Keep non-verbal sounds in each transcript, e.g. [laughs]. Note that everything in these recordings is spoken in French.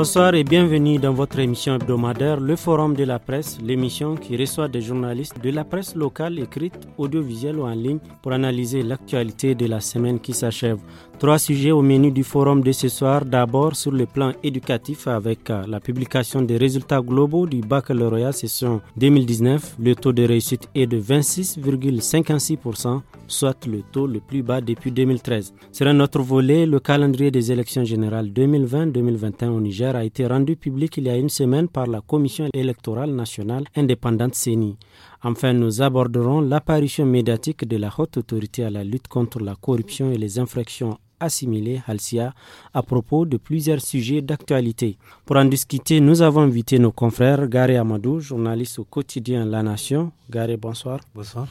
Bonsoir et bienvenue dans votre émission hebdomadaire Le Forum de la presse, l'émission qui reçoit des journalistes de la presse locale écrite, audiovisuelle ou en ligne pour analyser l'actualité de la semaine qui s'achève. Trois sujets au menu du forum de ce soir. D'abord, sur le plan éducatif, avec euh, la publication des résultats globaux du baccalauréat session 2019, le taux de réussite est de 26,56%, soit le taux le plus bas depuis 2013. Sur un autre volet, le calendrier des élections générales 2020-2021 au Niger a été rendu public il y a une semaine par la Commission électorale nationale indépendante CENI. Enfin, nous aborderons l'apparition médiatique de la haute autorité à la lutte contre la corruption et les infractions Assimilé Halcia à propos de plusieurs sujets d'actualité. Pour en discuter, nous avons invité nos confrères Gary Amadou, journaliste au quotidien La Nation. Gare, bonsoir. Bonsoir.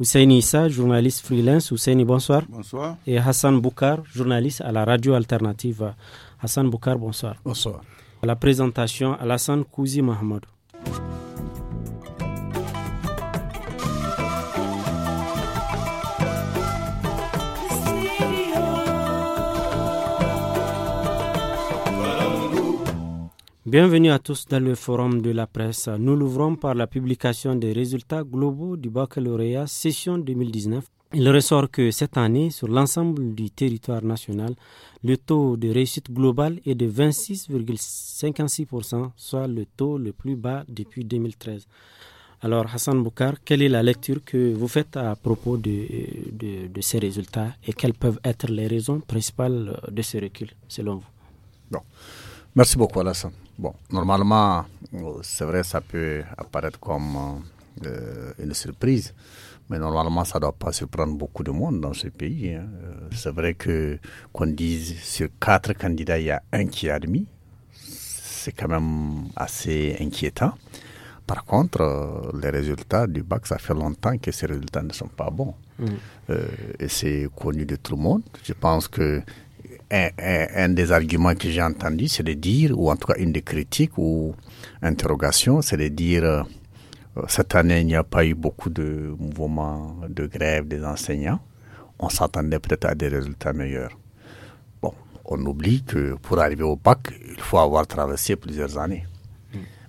Issa, journaliste freelance. Ousseini, bonsoir. Bonsoir. Et Hassan Boukar, journaliste à la radio alternative. Hassan Boukar, bonsoir. Bonsoir. la présentation, Alassane Kouzi Mohamed. Bienvenue à tous dans le forum de la presse. Nous l'ouvrons par la publication des résultats globaux du baccalauréat session 2019. Il ressort que cette année, sur l'ensemble du territoire national, le taux de réussite globale est de 26,56%, soit le taux le plus bas depuis 2013. Alors Hassan Boukar, quelle est la lecture que vous faites à propos de, ces résultats et quelles peuvent être les raisons principales de ce recul, selon vous bon. Merci beaucoup Alassane. Bon, normalement, c'est vrai, ça peut apparaître comme euh, une surprise, mais normalement, ça ne doit pas surprendre beaucoup de monde dans ce pays. Hein. Euh, c'est vrai que qu'on dise sur quatre candidats, il y a un qui est admis. C'est quand même assez inquiétant. Par contre, euh, les résultats du bac, ça fait longtemps que ces résultats ne sont pas bons. Mmh. et c'est connu de tout le monde. Je pense que un, des arguments que j'ai entendu, c'est de dire, ou en tout cas une des critiques ou interrogations, c'est de dire, euh, cette année, il n'y a pas eu beaucoup de mouvements de grève des enseignants. On s'attendait peut-être à des résultats meilleurs. Bon, on oublie que pour arriver au bac, il faut avoir traversé plusieurs années.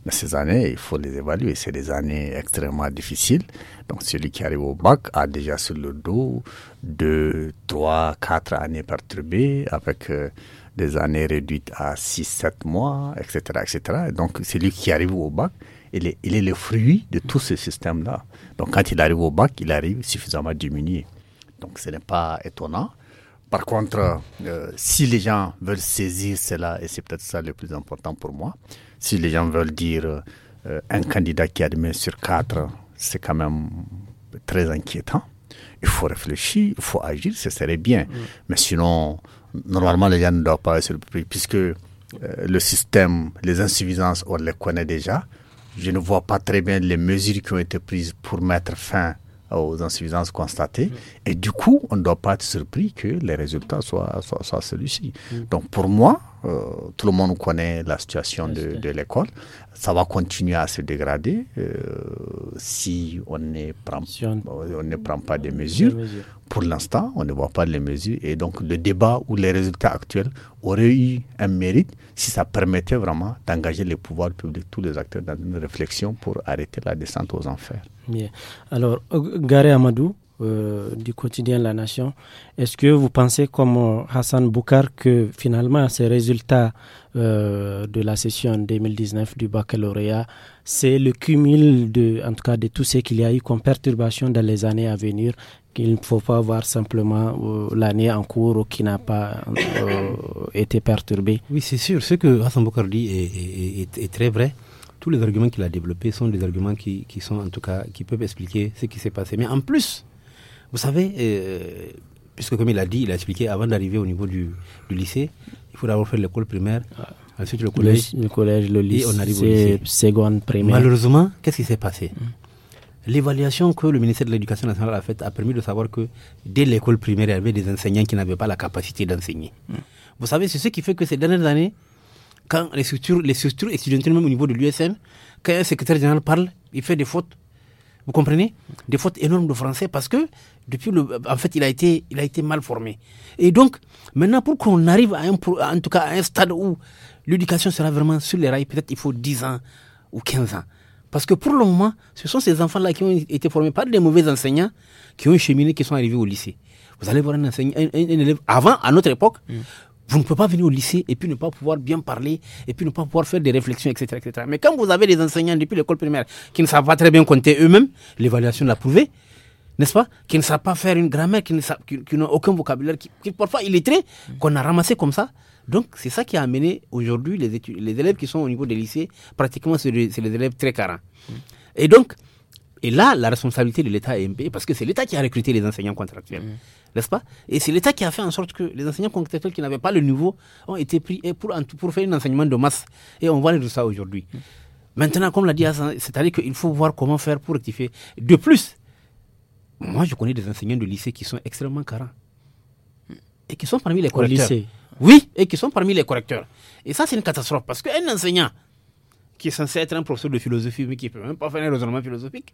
Mais ces années, il faut les évaluer. C'est des années extrêmement difficiles. Donc celui qui arrive au bac a déjà sur le dos deux, trois, quatre années perturbées avec euh, des années réduites à 6, 7 mois, etc. etc. Donc celui qui arrive au bac, il est, il est le fruit de tout ce système-là. Donc quand il arrive au bac, il arrive suffisamment diminué. Donc ce n'est pas étonnant. Par contre, euh, si les gens veulent saisir cela, et c'est peut-être ça le plus important pour moi, si les gens veulent dire euh, un candidat qui admet sur quatre, c'est quand même très inquiétant. Il faut réfléchir, il faut agir, ce serait bien. Mais sinon, normalement, les gens ne doivent pas être surpris puisque euh, le système, les insuffisances, on les connaît déjà. Je ne vois pas très bien les mesures qui ont été prises pour mettre fin aux insuffisances constatées. Et du coup, on ne doit pas être surpris que les résultats soient, soient, celui-ci. Donc pour moi, euh, tout le monde connaît la situation de, l'école. Ça va continuer à se dégrader euh, si on ne prend, euh, on, ne prend pas des mesures. Pour l'instant, on ne voit pas les mesures. Et donc, le débat ou les résultats actuels auraient eu un mérite si ça permettait vraiment d'engager les pouvoirs publics, tous les acteurs, dans une réflexion pour arrêter la descente aux enfers. Alors, Garé Amadou, euh, du quotidien de La Nation. Est-ce que vous pensez, comme euh, Hassan Boukar, que finalement ces résultats euh, de la session 2019 du baccalauréat, c'est le cumul de, en tout cas, de tout ce qu'il y a eu comme perturbation dans les années à venir qu'il ne faut pas voir simplement l'année en cours ou qui n'a pas [coughs] été perturbée. Oui, c'est sûr. Ce que Hassan Boukar dit est, très vrai tous les arguments qu'il a développés sont des arguments qui, sont en tout cas qui peuvent expliquer ce qui s'est passé. Mais en plus, vous savez, euh, puisque comme il a dit, il a expliqué, avant d'arriver au niveau du, lycée, il faut d'abord faire l'école primaire, ensuite le collège. Le, collège, le lycée. Et on arrive au lycée. Malheureusement, qu'est-ce qui s'est passé mm. L'évaluation que le ministère de l'Éducation nationale a faite a permis de savoir que dès l'école primaire, il y avait des enseignants qui n'avaient pas la capacité d'enseigner. Mm. Vous savez, c'est ce qui fait que ces dernières années, quand les structures, les structures étudiantes, même au niveau de l'USM, quand un secrétaire général parle, il fait des fautes, vous comprenez Des fautes énormes de français parce que, depuis le, en fait, il a été, il a été mal formé. Et donc, maintenant, pour qu'on arrive à un, en tout cas, à un stade où l'éducation sera vraiment sur les rails, peut-être il faut 10 ans ou 15 ans. Parce que pour le moment, ce sont ces enfants-là qui ont été formés par des mauvais enseignants qui ont cheminé, qui sont arrivés au lycée. Vous allez voir un, enseignant, un, élève avant, à notre époque, mm. Vous ne pouvez pas venir au lycée et puis ne pas pouvoir bien parler et puis ne pas pouvoir faire des réflexions, etc. etc. Mais quand vous avez des enseignants depuis l'école primaire qui ne savent pas très bien compter eux-mêmes, l'évaluation l'a prouvé, n'est-ce pas Qui ne savent pas faire une grammaire, qui n'ont aucun vocabulaire, qui, qui parfois illettrés, qu'on a ramassé comme ça. Donc c'est ça qui a amené aujourd'hui les, les, élèves qui sont au niveau des lycées, pratiquement c'est les, élèves très carents. Et donc, et là, la responsabilité de l'État est parce que c'est l'État qui a recruté les enseignants contractuels n'est-ce pas Et c'est l'État qui a fait en sorte que les enseignants contractuels qui n'avaient pas le niveau ont été pris eh, pour, pour faire un enseignement de masse. Et on voit le résultat aujourd'hui. Maintenant, comme l'a dit Hassan, c'est-à-dire qu'il faut voir comment faire pour rectifier. De plus, moi, je connais des enseignants de lycée qui sont extrêmement carents et qui sont parmi les correcteurs. Oui, et qui sont parmi les correcteurs. Et ça, c'est une catastrophe parce qu'un enseignant qui est censé être un professeur de philosophie, mais qui ne peut même pas faire un raisonnement philosophique,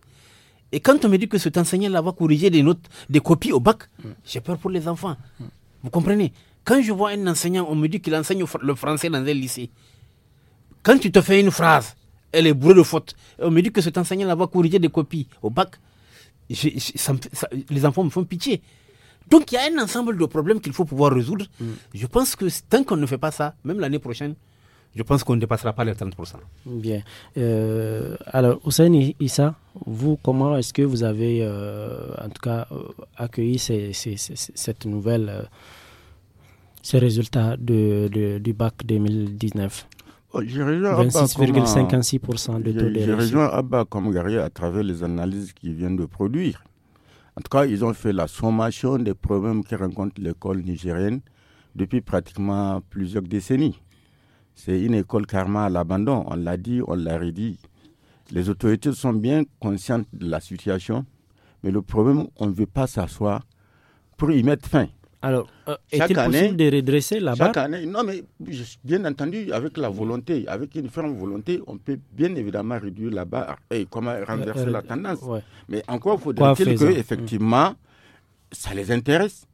et quand on me dit que cet enseignant-là va corriger des notes, des copies au bac, mm. j'ai peur pour les enfants. Mm. Vous comprenez Quand je vois un enseignant, on me dit qu'il enseigne le français dans un lycée. Quand tu te fais une phrase, elle est bourrée de fautes, on me dit que cet enseignant-là va corriger des copies au bac, les enfants me font pitié. Donc il y a un ensemble de problèmes qu'il faut pouvoir résoudre. Mm. Je pense que tant qu'on ne fait pas ça, même l'année prochaine, je pense qu'on ne dépassera pas les 30%. Bien. Euh, alors, Hussein Issa, vous, comment est-ce que vous avez, euh, en tout cas, euh, accueilli ces, cette nouvelle, ces résultats du bac 2019 26,56% de taux de Abba comme guerrier à travers les analyses qu'ils viennent de produire. En tout cas, ils ont fait la sommation des problèmes que rencontre l'école nigérienne depuis pratiquement plusieurs décennies. C'est une école karma à l'abandon. On l'a dit, on l'a redit. Les autorités sont bien conscientes de la situation, mais le problème, on ne veut pas s'asseoir pour y mettre fin. Alors, euh, est-il possible de redresser la barre non, mais bien entendu, avec la volonté, avec une ferme volonté, on peut bien évidemment réduire la barre et comment renverser euh, euh, la tendance. Mais encore faudrait-il que, effectivement, ça les intéresse.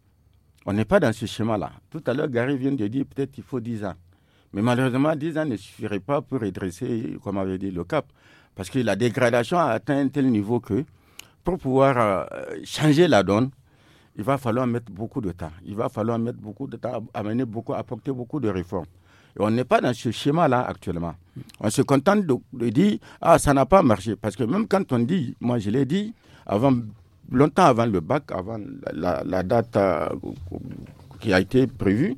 On n'est pas dans ce schéma-là. Tout à l'heure, Gary vient de dire peut-être qu'il faut 10 ans. Mais malheureusement, 10 ans ne suffiraient pas pour redresser, comme avait dit le cap. Parce que la dégradation a atteint un tel niveau que pour pouvoir euh, changer la donne, il va falloir mettre beaucoup de temps. Il va falloir mettre beaucoup de temps, amener beaucoup, apporter beaucoup de réformes. Et on n'est pas dans ce schéma-là actuellement. On se contente de, dire, ah, ça n'a pas marché. Parce que même quand on dit, moi je l'ai dit, avant, longtemps avant le bac, avant la, date euh, qui a été prévue,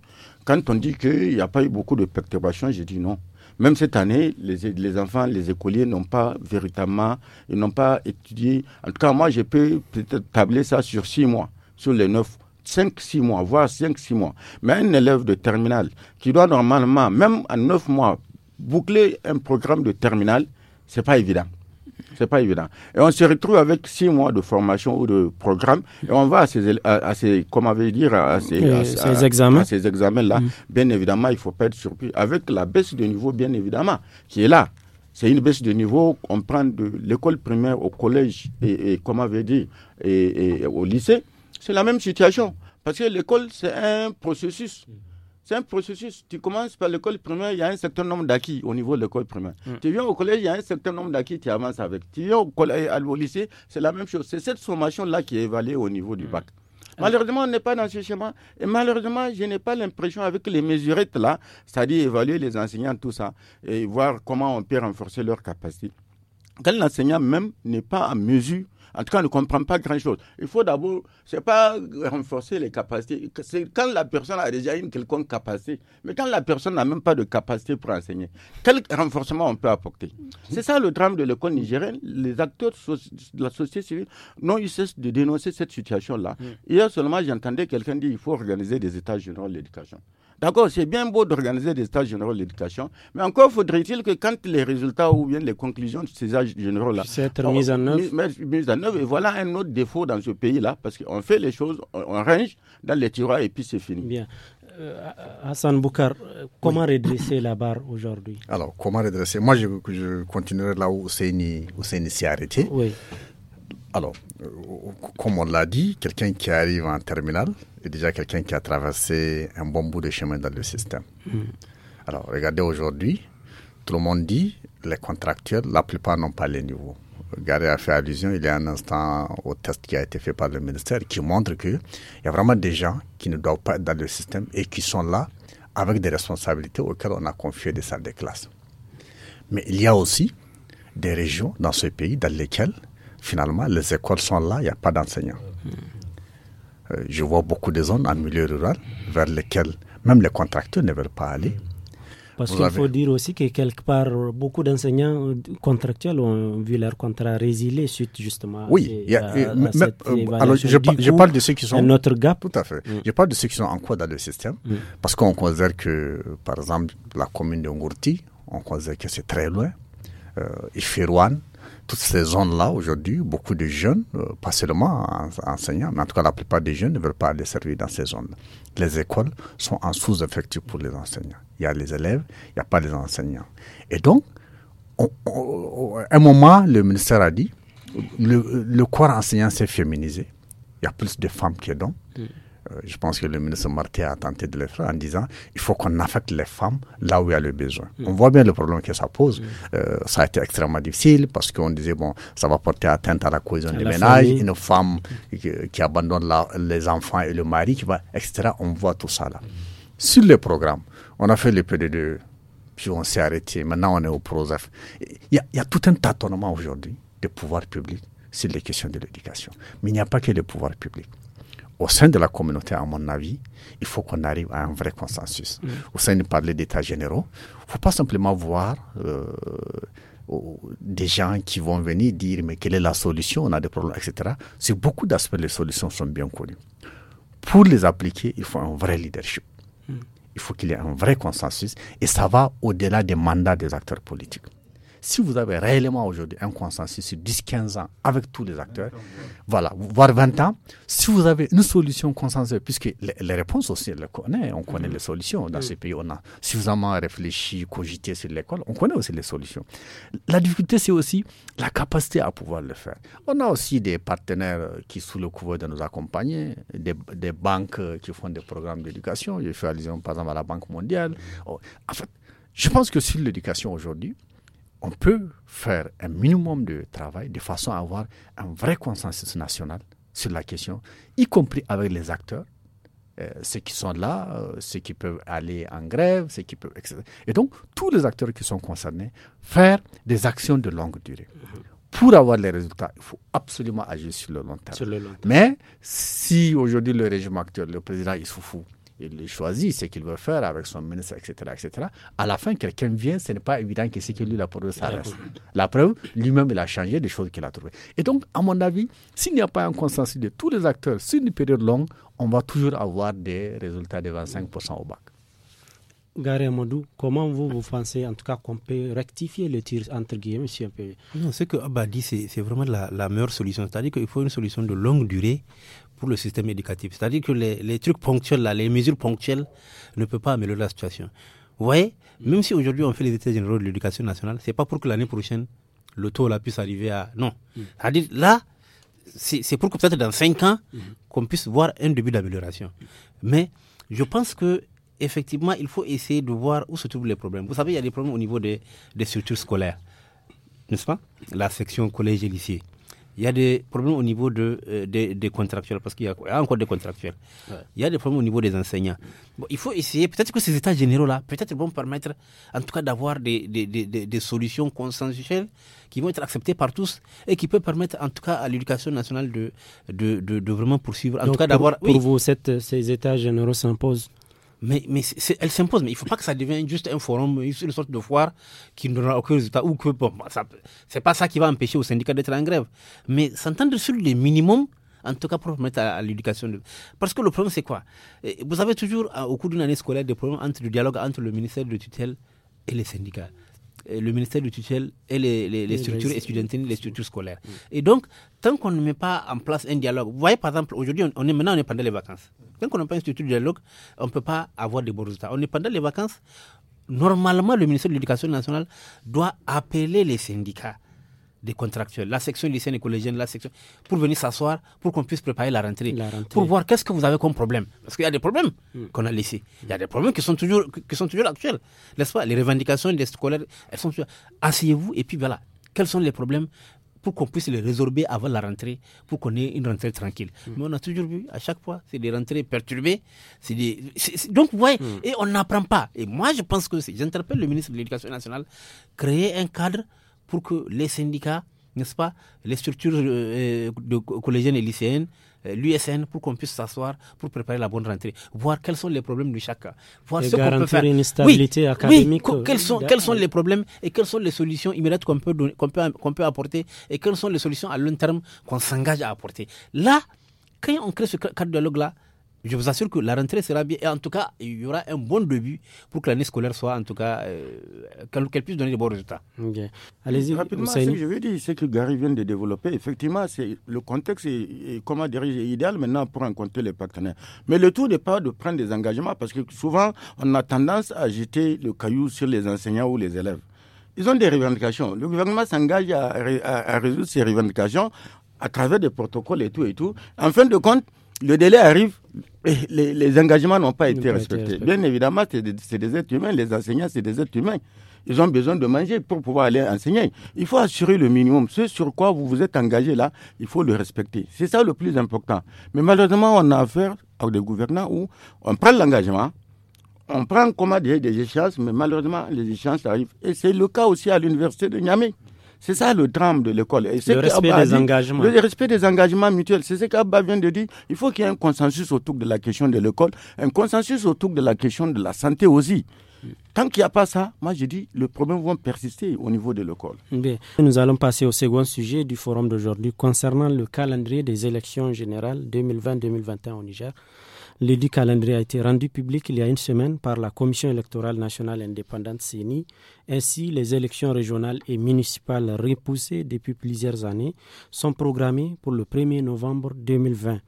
quand on dit qu'il n'y a pas eu beaucoup de perturbations, j'ai dit non. Même cette année, les, enfants, les écoliers n'ont pas véritablement, ils n'ont pas étudié. En tout cas, moi, je peux peut-être tabler ça sur six mois, sur les neuf. cinq, six mois, voire cinq, six mois. Mais un élève de terminale qui doit normalement, même à neuf mois, boucler un programme de terminale, n'est pas évident. C'est pas évident. Et on se retrouve avec six mois de formation ou de programme et on va à ces, à, ces comment dire, à ces, examens. là mm. Bien évidemment, il faut pas être surpris avec la baisse de niveau, bien évidemment, qui est là. C'est une baisse de niveau. On prend de l'école primaire au collège et, et comment dit et, et au lycée. C'est la même situation. Parce que l'école, c'est un processus. C'est un processus. Tu commences par l'école primaire, il y a un certain nombre d'acquis au niveau de l'école primaire. Mm. Tu viens au collège, il y a un certain nombre d'acquis, tu avances avec. Tu viens au, collège, euh, au lycée, c'est la même chose. C'est cette formation-là qui est évaluée au niveau du mm. bac. Mm. Malheureusement, on n'est pas dans ce schéma. Et malheureusement, je n'ai pas l'impression avec les mesurettes là, c'est-à-dire évaluer les enseignants, tout ça, et voir comment on peut renforcer leurs capacités. Quand l'enseignant même n'est pas à mesure en tout cas, on ne comprend pas grand-chose. Il faut d'abord, c'est pas renforcer les capacités. C'est quand la personne a déjà une quelconque capacité, mais quand la personne n'a même pas de capacité pour enseigner, quel renforcement on peut apporter mhm. C'est ça le drame de l'école nigérienne. Les acteurs de la société civile n'ont eu cesse de dénoncer cette situation-là. Mhm. Hier seulement, j'entendais quelqu'un dire qu'il faut organiser des états généraux de l'éducation. D'accord, c'est bien beau d'organiser des stages généraux d'éducation, mais encore faudrait-il que quand les résultats ou bien les conclusions de ces stages généraux-là soient Mis, en œuvre. Et voilà un autre défaut dans ce pays-là, parce qu'on fait les choses, on, range dans les tiroirs et puis c'est fini. Bien. Euh, Hassan Boukar, euh, comment redresser la barre aujourd'hui Alors, comment redresser Moi, je, je continuerai là où Ousseini s'est arrêté. Oui. Alors, euh, comme on l'a dit, quelqu'un qui arrive en terminale est déjà quelqu'un qui a traversé un bon bout de chemin dans le système. Mm. Alors, regardez aujourd'hui, tout le monde dit, les contractuels, la plupart n'ont pas les niveaux. Regardez a fait allusion il y a un instant au test qui a été fait par le ministère qui montre qu'il y a vraiment des gens qui ne doivent pas être dans le système et qui sont là avec des responsabilités auxquelles on a confié des salles de classe. Mais il y a aussi des régions dans ce pays dans lesquelles finalement, les écoles sont là, il n'y a pas d'enseignants. Euh, je vois beaucoup de zones en milieu rural vers lesquelles même les contracteurs ne veulent pas aller. Parce qu'il faut dire aussi que quelque part, beaucoup d'enseignants euh, contractuels ont vu leur contrat résilié suite justement oui, à, a, euh, Alors, mm. je, parle de ceux qui sont... notre gap. Tout à fait. Je parle de ceux qui sont en quoi dans le système, mm. parce qu'on considère que, par exemple, la commune de Ngourti, on considère que c'est très loin. Euh, Ifirouane, toutes ces zones-là aujourd'hui, beaucoup de jeunes, euh, pas seulement enseignants, mais en tout cas la plupart des jeunes ne veulent pas aller servir dans ces zones. Les écoles sont en sous-effectif pour les enseignants. Il y a les élèves, il n'y a pas les enseignants. Et donc, à un moment, le ministère a dit, le, le corps enseignant s'est féminisé. Il y a plus de femmes qui que d'hommes. Euh, je pense que le ministre Marquet a tenté de le faire en disant il faut qu'on affecte les femmes là où il y a le besoin. Mm. On voit bien le problème que ça pose. Mm. Euh, ça a été extrêmement difficile parce qu'on disait bon, ça va porter atteinte à la cohésion des ménages. Une femme qui, abandonne les enfants et le mari, qui va, etc. On voit tout ça là. Mm. Sur le programme, on a fait le PD2, puis on s'est arrêté. Maintenant, on est au Prozef. Il y, a, tout un tâtonnement aujourd'hui des pouvoirs publics sur les questions de l'éducation. Mais il n'y a pas que le pouvoir public au sein de la communauté, à mon avis, il faut qu'on arrive à un vrai consensus. Au sein de parler d'État généraux, il ne faut pas simplement voir euh, des gens qui vont venir dire mais quelle est la solution, on a des problèmes, etc. C'est beaucoup d'aspects, les solutions sont bien connues. Pour les appliquer, il faut un vrai leadership. Hmm. Il faut qu'il y ait un vrai consensus et ça va au-delà des mandats des acteurs politiques si vous avez réellement aujourd'hui un consensus sur 10-15 ans avec tous les acteurs, voilà, voire 20 ans, si vous avez une solution consensuelle, puisque les, réponses aussi, on connaît, on connaît les solutions dans ces pays, on a suffisamment réfléchi, cogité sur l'école, on connaît aussi les solutions. La difficulté, c'est aussi la capacité à pouvoir le faire. On a aussi des partenaires euh, qui, sous le couvert de nous accompagner, des, des banques euh, qui font des programmes d'éducation, je fais allusion par exemple à la Banque mondiale. Oh, en fait, je pense que sur l'éducation aujourd'hui, on peut faire un minimum de travail de façon à avoir un vrai consensus national sur la question, y compris avec les acteurs, euh, ceux qui sont là, euh, ceux qui peuvent aller en grève, ceux qui peuvent, etc. Et donc, tous les acteurs qui sont concernés, faire des actions de longue durée. Mm-hmm. Pour avoir les résultats, il faut absolument agir sur le long terme. Mais si aujourd'hui le régime actuel, le président il fout il choisit ce qu'il veut faire avec son ministre, etc. etc. À la fin, quelqu'un vient, ce n'est pas évident que ce qu'il lui, la preuve, ça reste. La preuve, lui-même, il a changé des choses qu'il a trouvées. Et donc, à mon avis, s'il n'y a pas un consensus de tous les acteurs sur une période longue, on va toujours avoir des résultats de 25% au bac. Gare Amadou, comment vous, vous pensez en tout cas qu'on peut rectifier le tir entre guillemets si un peu... Non, ce que Abadi, dit, c'est vraiment la, la meilleure solution. C'est-à-dire qu'il faut une solution de longue durée pour le système éducatif. C'est-à-dire que les, trucs ponctuels, là, les mesures ponctuelles ne peuvent pas améliorer la situation. Vous voyez, même si aujourd'hui on fait les états généraux de l'éducation nationale, c'est pas pour que l'année prochaine, le taux là puisse arriver à... Non. Mm. C'est-à-dire là, c'est pour que peut-être dans 5 ans, qu'on puisse voir un début d'amélioration. Mais je pense que effectivement, il faut essayer de voir où se trouvent les problèmes. Vous savez, il y a des problèmes au niveau des, des structures scolaires, n'est-ce pas La section collège et lycée il y a des problèmes au niveau de, euh, des, des, contractuels, parce qu'il y, a encore des contractuels. Il y a des problèmes au niveau des enseignants. il faut essayer, peut-être que ces états généraux-là, peut-être vont permettre, en tout cas, d'avoir des, des, des, solutions consensuelles qui vont être acceptées par tous et qui peuvent permettre, en tout cas, à l'éducation nationale de de, de, vraiment poursuivre. En tout cas, d'avoir. Pour, vous, cette, ces états généraux s'imposent mais, mais elle s'impose. Mais il ne faut pas que ça devienne juste un forum, une sorte de foire qui ne donnera aucun résultat. Ou que, bon, c'est pas ça qui va empêcher au syndicat d'être en grève. Mais s'entendre sur les minimums, en tout cas pour mettre à, l'éducation. De... Parce que le problème, c'est quoi eh, Vous avez toujours, au cours d'une année scolaire, des problèmes entre le dialogue entre le ministère de tutelle et les syndicats. le ministère de tutelle et les, structures étudiantines, les mm. structures scolaires. Et donc, tant qu'on ne met pas en place un dialogue, vous voyez par exemple, aujourd'hui, on est, maintenant on est pendant les vacances. Quand on n'a pas un institut de dialogue, on ne peut pas avoir de bons résultats. On est pendant les vacances. Normalement, le ministère de l'Éducation nationale doit appeler les syndicats des contractuels, la section lycéenne et collégienne, la section, pour venir s'asseoir, pour qu'on puisse préparer la rentrée, pour voir qu'est-ce que vous avez comme problème. Parce qu'il y a des problèmes hmm. qu'on a laissés. Il y a des problèmes qui sont toujours, qui sont toujours actuels, Les revendications des scolaires, elles sont toujours... Asseyez-vous et puis voilà, quels sont les problèmes pour qu'on puisse les résorber avant la rentrée, pour qu'on ait une rentrée tranquille. Hmm. Mais on a toujours vu, à chaque fois, c'est des rentrées perturbées. donc, vous voyez, hmm. et on n'apprend pas. Et moi, je pense que, j'interpelle le ministre de l'Éducation nationale, créer un cadre pour que les syndicats, n'est-ce pas, les structures euh, euh, de collégiennes et lycéennes, euh, l'USN pour qu'on puisse s'asseoir pour préparer la bonne rentrée, voir quels sont les problèmes de chacun, voir ce qu'on peut faire. une stabilité académique. Euh, quels, sont, quels sont les problèmes et quelles sont les solutions immédiates qu'on peut, qu'on peut, qu'on peut apporter et quelles sont les solutions à long terme qu'on s'engage à apporter. Là, quand on crée ce cadre de dialogue-là, je vous assure que la rentrée sera bien. Et en tout cas, il y aura un bon début pour que l'année scolaire soit, en tout cas, euh, qu'elle puisse donner de bons résultats. Allez-y. Rapidement, ce que je veux dire, c'est que Gary vient de développer. Effectivement, c'est le contexte est, comment dire, idéal maintenant pour rencontrer les partenaires. Mais le tout n'est pas de prendre des engagements parce que souvent, on a tendance à jeter le caillou sur les enseignants ou les élèves. Ils ont des revendications. Le gouvernement s'engage à, à résoudre ces revendications à travers des protocoles et tout et tout. En fin de compte, le délai arrive, les, les engagements n'ont pas, été respectés. Bien évidemment, c'est des, êtres humains, les enseignants, c'est des êtres humains. Ils ont besoin de manger pour pouvoir aller enseigner. Il faut assurer le minimum. Ce sur quoi vous vous êtes engagé là, il faut le respecter. C'est ça le plus important. Mais malheureusement, on a affaire à des gouvernants où on prend l'engagement, on prend comment dire, des échéances, mais malheureusement, les échéances arrivent. Et c'est le cas aussi à l'université de Niamey. C'est ça le drame de l'école. Le respect des engagements. Le respect des engagements mutuels. C'est ce qu'Abba vient de dire. Il faut qu'il y ait un consensus autour de la question de l'école, un consensus autour de la question de la santé aussi. Tant qu'il n'y a pas ça, moi je dis, le problème vont persister au niveau de l'école. Nous allons passer au second sujet du forum d'aujourd'hui concernant le calendrier des élections générales 2020-2021 au Niger. L'édit calendrier a été rendu public il y a une semaine par la Commission électorale nationale indépendante CENI. Ainsi, les élections régionales et municipales repoussées depuis plusieurs années sont programmées pour le 1er novembre 2020.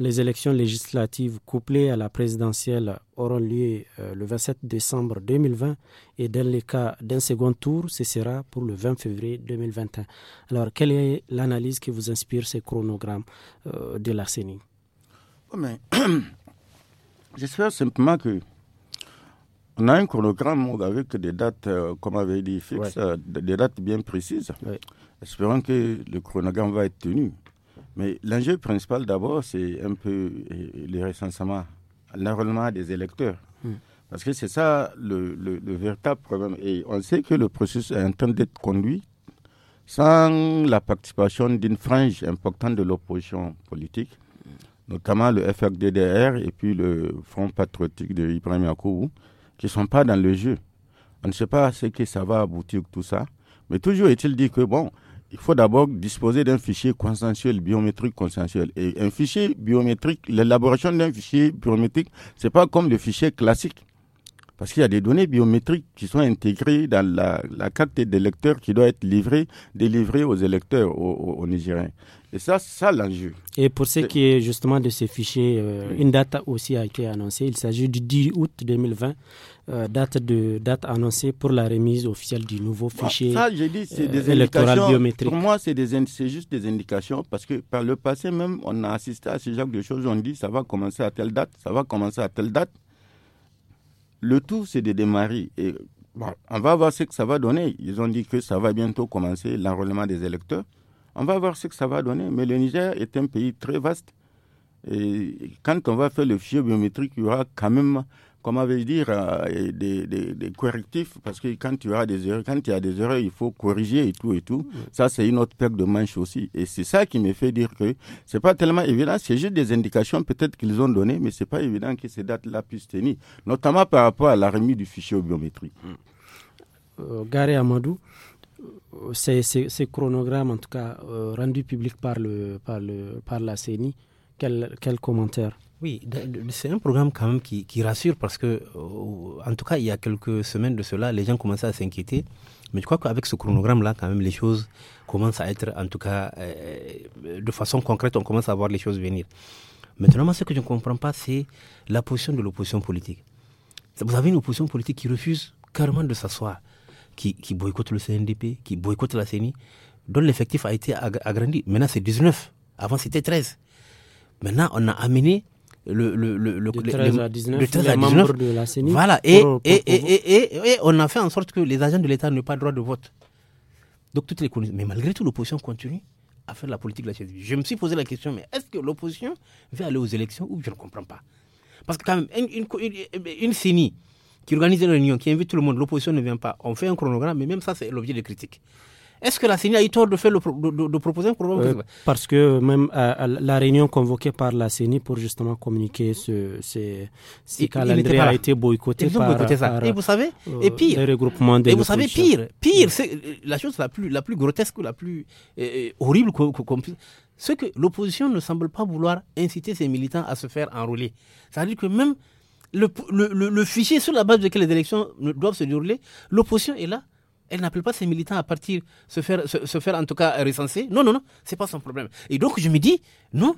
Les élections législatives couplées à la présidentielle auront lieu euh, le 27 décembre 2020 et dans le cas d'un second tour, ce sera pour le 20 février 2021. Alors, quelle est l'analyse qui vous inspire ce chronogramme euh, de la CENI [clears throat] J'espère simplement que on a un chronogramme avec des dates, euh, comme avait dit Fix, euh, des dates bien précises. espérant Espérons que le chronogramme va être tenu. Mais l'enjeu principal d'abord, c'est un peu le recensement, l'enrôlement des électeurs. Hmm. Parce que c'est ça le, le, le, véritable problème. Et on sait que le processus est en train d'être conduit sans la participation d'une frange importante de l'opposition politique notamment le FRDDR et puis le Front patriotique de Ibrahim Yakou, qui ne sont pas dans le jeu. On ne sait pas ce que ça va aboutir, tout ça. Mais toujours est-il dit que, bon, il faut d'abord disposer d'un fichier consensuel, biométrique consensuel. Et un fichier biométrique, l'élaboration d'un fichier biométrique, c'est pas comme le fichier classique. Parce qu'il y a des données biométriques qui sont intégrées dans la, la carte d'électeur qui doit être livrée, délivrée aux électeurs, aux, Nigériens. Et ça, ça l'enjeu. Et pour ce qui est justement de ces fichiers, euh, une date aussi a été annoncée. Il s'agit du 10 août 2020, euh, date, date annoncée pour la remise officielle du nouveau bah, fichier ça, c'est euh, des électoral biométrique. Pour moi, c'est, c'est juste des indications parce que par le passé même, on a assisté à ce genre de choses. On dit ça va commencer à telle date, ça va commencer à telle date. Le tout, c'est de démarrer. Et on va voir ce que ça va donner. Ils ont dit que ça va bientôt commencer l'enrôlement des électeurs. On va voir ce que ça va donner. Mais le Niger est un pays très vaste. Et quand on va faire le fichier biométrique, il y aura quand même comment vais-je dire, euh, des, correctifs, parce que quand tu as des erreurs, quand il y des erreurs, il faut corriger et tout et tout. Ça, c'est une autre perte de manche aussi. Et c'est ça qui me fait dire que c'est pas tellement évident, c'est juste des indications peut-être qu'ils ont données, mais c'est pas évident que ces dates-là puissent tenir, notamment par rapport à la remise du fichier biométrie. Mmh. Euh, Amadou, ces, chronogrammes, en tout cas, euh, rendus publics par, le, par, le, par la CENI, quel, quel commentaire oui, c'est un programme quand même qui, rassure parce que, euh, en tout cas, il y a quelques semaines de cela, les gens commençaient à s'inquiéter. Mais je crois qu'avec ce chronogramme-là, quand même, les choses commencent à être, en tout cas, euh, euh, de façon concrète, on commence à voir les choses venir. Maintenant, ce que je ne comprends pas, c'est la position de l'opposition politique. Vous avez une opposition politique qui refuse carrément de s'asseoir, qui, qui boycotte le CNDP, qui boycotte la CENI, dont l'effectif a été agrandi. Maintenant, c'est 19. Avant, c'était 13. Maintenant, on a amené le, le, le, de 13 à 19, de 13 à 19 Voilà, oh, oh, oh, et, et, on a fait en sorte que les agents de l'État n'aient pas le droit de vote. Donc toutes les Mais malgré tout, l'opposition continue à faire la politique de la chaise Je me suis posé la question, mais est-ce que l'opposition veut aller aux élections ou je ne comprends pas Parce que quand même, une, une, CENI qui organise une réunion, qui invite tout le monde, l'opposition ne vient pas. On fait un chronogramme, mais même ça, c'est l'objet de critiques. Est-ce que la CENI a eu tort de, faire de, proposer un programme euh, Parce que même la réunion convoquée par la CENI pour justement communiquer ce, calendrier a été boycotté boycotté ça. et vous savez, euh, et pire, vous savez pire, pire, mm. euh, la chose la plus, la plus grotesque, la plus horrible qu'on c'est que l'opposition ne semble pas vouloir inciter ses militants à se faire enrôler. C'est-à-dire que même le, fichier sur la base duquel les élections doivent se dérouler, l'opposition est là elle n'appelle pas ses militants à partir, se faire, se, faire en tout cas recenser. Non, non, non, ce n'est pas son problème. Et donc je me dis, non,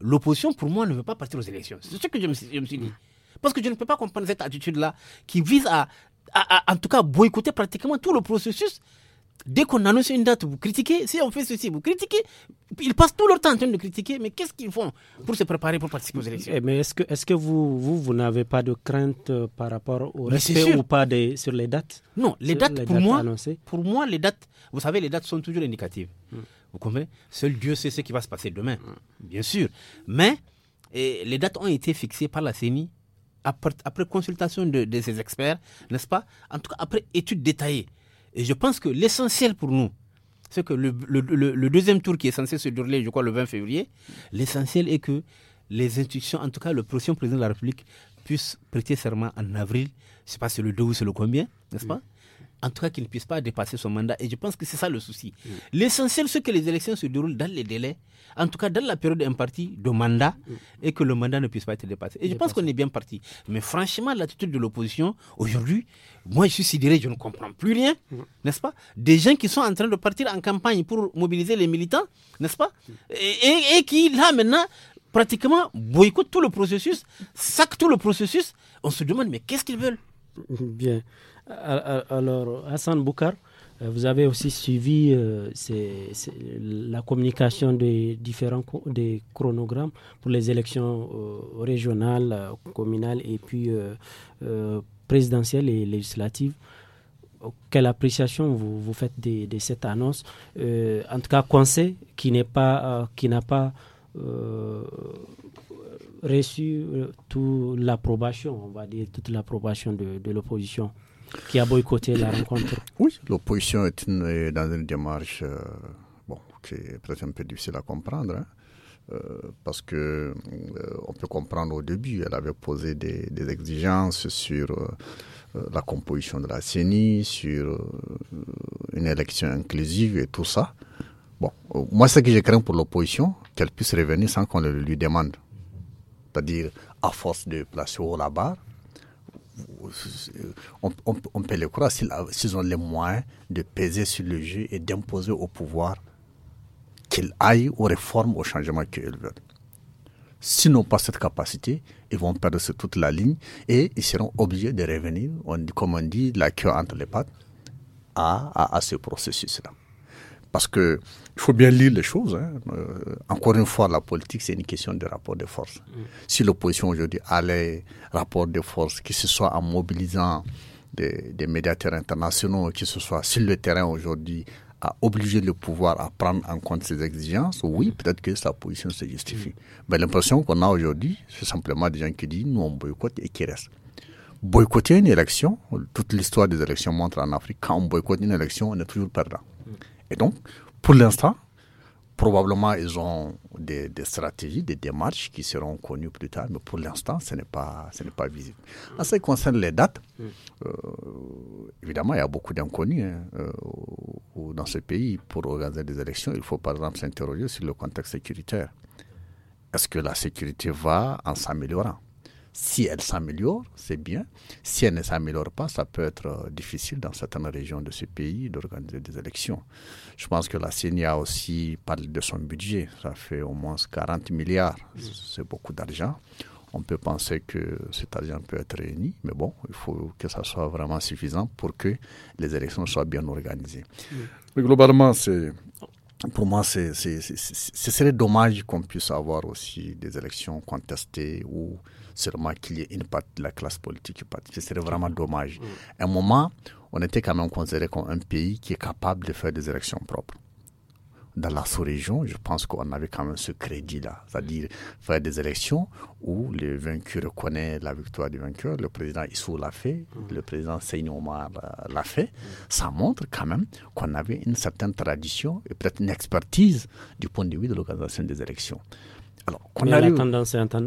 l'opposition pour moi ne veut pas partir aux élections. C'est ce que je me, suis dit. Parce que je ne peux pas comprendre cette attitude-là qui vise à en tout cas, boycotter pratiquement tout le processus Dès qu'on annonce une date, vous critiquez. Si on fait ceci, vous critiquez. Ils passent tout leur temps en train de critiquer. Mais qu'est-ce qu'ils font pour se préparer pour participer aux élections eh, Mais est-ce que, est que vous, vous, vous n'avez pas de crainte euh, par rapport au respect ou pas des, sur les dates Non, les dates, pour, moi, pour moi, les dates, vous savez, les dates sont toujours indicatives. Hmm. Vous comprenez Seul Dieu sait ce qui va se passer demain, bien sûr. Mais eh, les dates ont été fixées par la CENI après, après consultation de, de ses experts, n'est-ce pas En tout cas, après études détaillée. Et je pense que l'essentiel pour nous, c'est que le, deuxième tour qui est censé se dérouler, je crois, le 20 février, l'essentiel est que les institutions, en tout cas le prochain président de la République, puisse prêter serment en avril, je ne sais pas si c'est le 2 ou c'est le combien, n'est-ce pas en tout cas qu'il ne puisse pas dépasser son mandat. Et je pense que c'est ça le souci. Mm. L'essentiel, c'est que les élections se déroulent dans les délais, en tout cas dans la période impartie de mandat, mm. et que le mandat ne puisse pas être dépassé. Et je pense qu'on est bien parti. Mais franchement, l'attitude de l'opposition, aujourd'hui, moi je suis sidéré, je ne comprends plus rien, mm. n'est-ce pas Des gens qui sont en train de partir en campagne pour mobiliser les militants, n'est-ce pas et, qui, là maintenant, pratiquement boycottent tout le processus, sac tout le processus. On se demande, mais qu'est-ce qu'ils veulent Bien. Alors, Hassan Boukar, euh, vous avez aussi suivi euh, la communication des différents des chronogrammes pour les élections euh, régionales, communales et puis présidentielles et législatives. Quelle appréciation vous, faites de, cette annonce En tout cas, Conseil qui n'est pas qui n'a pas reçu toute l'approbation, on va dire toute l'approbation de l'opposition qui a boycotté la rencontre. Oui, l'opposition est, dans une démarche euh, bon, qui est peut-être un peu difficile à comprendre. Hein. Euh, parce que euh, on peut comprendre au début, elle avait posé des, exigences sur la composition de la CENI, sur une élection inclusive et tout ça. Bon, moi, ce que j'ai crains pour l'opposition, qu'elle puisse revenir sans qu'on le lui demande. C'est-à-dire, à force de placer haut la barre, euh, on, peut le croire s'ils ont les moyens de peser sur le jeu et d'imposer au pouvoir qu'ils aillent aux réformes, aux changements qu'ils veulent. S'ils n'ont pas cette capacité, ils vont perdre toute la ligne et ils seront obligés de revenir, comme on dit, la queue entre les pattes, à, à ce processus-là. Parce que il faut bien lire les choses. Hein. Euh, encore une fois, la politique, c'est une question de rapport de force. Mm. Si l'opposition aujourd'hui a rapport de force, que ce soit en mobilisant des, médiateurs internationaux, que ce soit sur le terrain aujourd'hui, à obliger le pouvoir à prendre en compte ses exigences, oui, mm. peut-être que sa position se justifie. Mm. Mais l'impression qu'on a aujourd'hui, c'est simplement des gens qui disent nous on boycotte et qui reste Boycotter une élection, toute l'histoire des élections montre en Afrique, quand on boycotte une élection, on est toujours perdant. Et donc, pour l'instant, probablement, ils ont des, stratégies, des démarches qui seront connues plus tard, mais pour l'instant, ce n'est pas, pas visible. En ce qui concerne les dates, mm. euh, évidemment, il y a beaucoup d'inconnus hein, euh, dans ce pays. Pour organiser des élections, il faut par exemple s'interroger sur le contexte sécuritaire. Est-ce que la sécurité va en s'améliorant si elle s'améliore, c'est bien. Si elle ne s'améliore pas, ça peut être euh, difficile dans certaines régions de ce pays d'organiser des élections. Je pense que la CENIA aussi parle de son budget. Ça fait au moins 40 milliards. C'est beaucoup d'argent. On peut penser que cet argent peut être réuni, mais bon, il faut que ça soit vraiment suffisant pour que les élections soient bien organisées. globalement, c'est pour moi, ce serait dommage qu'on puisse avoir aussi des élections contestées ou seulement qu'il y ait une partie de la classe politique qui Ce serait vraiment dommage. Mm. À un moment, on était quand même considéré comme un pays qui est capable de faire des élections propres dans la sous-région, je pense qu'on avait quand même ce crédit-là, c'est-à-dire faire des élections où le vaincu reconnaît la victoire du vainqueur, le président Issou l'a fait, mm. le président Seyni Omar euh, l'a fait, ça montre quand même qu'on avait une certaine tradition et peut-être une expertise du point de vue de l'organisation des élections. Alors, La tendance est en, train